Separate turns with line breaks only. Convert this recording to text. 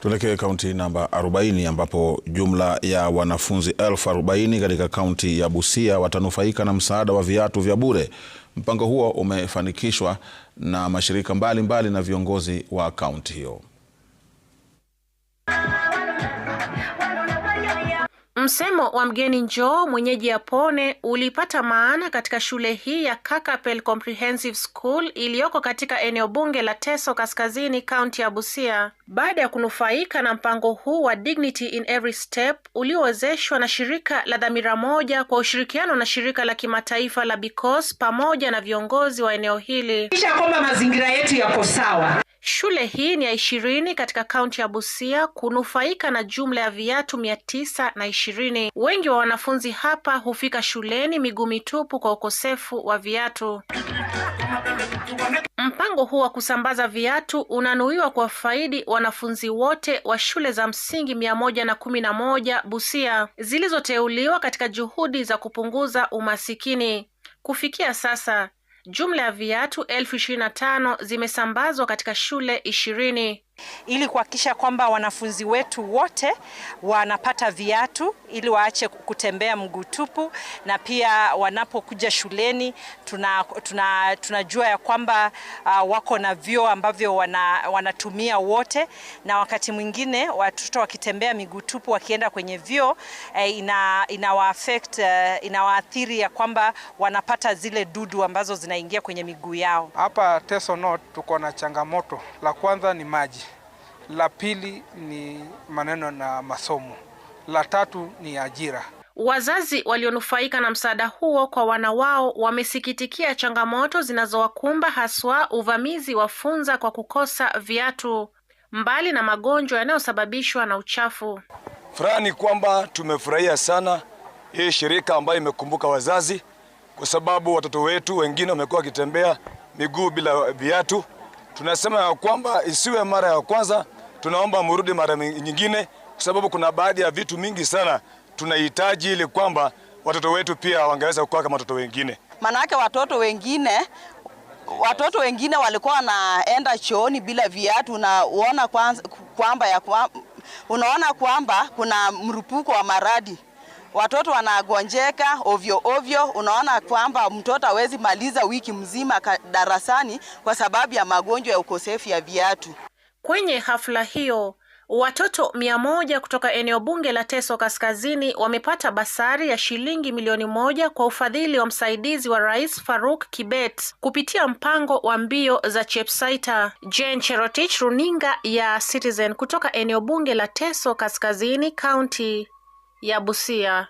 Tuelekee kaunti namba 40 ambapo jumla ya wanafunzi elfu 40 katika kaunti ya Busia watanufaika na msaada wa viatu vya bure. Mpango huo umefanikishwa na mashirika mbalimbali mbali na viongozi wa kaunti hiyo.
Msemo wa mgeni njoo mwenyeji apone ulipata maana katika shule hii ya Kakapel Comprehensive School iliyoko katika eneo bunge la Teso Kaskazini, kaunti ya Busia, baada ya kunufaika na mpango huu wa Dignity in Every Step uliowezeshwa na shirika la Dhamira Moja kwa ushirikiano na shirika la kimataifa la Bicos pamoja na viongozi wa eneo hili,
kisha kwamba mazingira yetu yako sawa.
Shule hii ni ya ishirini katika kaunti ya Busia kunufaika na jumla ya viatu mia tisa na ishirini. Wengi wa wanafunzi hapa hufika shuleni miguu mitupu kwa ukosefu wa viatu. Mpango huu wa kusambaza viatu unanuiwa kuwafaidi wanafunzi wote wa shule za msingi mia moja na kumi na moja Busia zilizoteuliwa katika juhudi za kupunguza umasikini. Kufikia sasa Jumla ya viatu elfu ishirini na tano zimesambazwa katika shule ishirini
ili kuhakikisha kwamba wanafunzi wetu wote wanapata viatu ili waache kutembea mguu tupu, na pia wanapokuja shuleni tunajua tuna, tuna ya kwamba uh, wako na vyoo ambavyo wana, wanatumia wote, na wakati mwingine watoto wakitembea miguu tupu wakienda kwenye vyoo eh, ina, inawa affect uh, inawaathiri ya kwamba wanapata zile dudu ambazo zinaingia kwenye miguu yao.
Hapa Teso North tuko na changamoto, la kwanza ni maji la pili ni maneno na masomo, la tatu ni ajira.
Wazazi walionufaika na msaada huo kwa wana wao wamesikitikia changamoto zinazowakumba haswa uvamizi wa funza kwa kukosa viatu, mbali na magonjwa yanayosababishwa na uchafu.
Furaha ni kwamba tumefurahia sana hii shirika ambayo imekumbuka wazazi, kwa sababu watoto wetu wengine wamekuwa wakitembea miguu bila viatu. Tunasema ya kwamba isiwe mara ya kwanza tunaomba murudi mara nyingine, kwa sababu kuna baadhi ya vitu mingi sana tunahitaji ili kwamba watoto wetu pia wangeweza kuwa kama watoto wengine.
Maanake watoto wengine watoto wengine walikuwa wanaenda chooni bila viatu, na uona kwamba ya unaona kwamba kuna mrupuko wa maradhi watoto wanagonjeka ovyo ovyo. Unaona kwamba mtoto hawezi maliza wiki mzima darasani kwa sababu ya magonjwa ya ukosefu ya viatu.
Kwenye hafla hiyo watoto mia moja kutoka eneo bunge la Teso Kaskazini wamepata basari ya shilingi milioni moja kwa ufadhili wa msaidizi wa rais Faruk Kibet kupitia mpango wa mbio za Chepsaita. Jane Cherotich, runinga ya Citizen kutoka eneo bunge la Teso Kaskazini, kaunti ya Busia.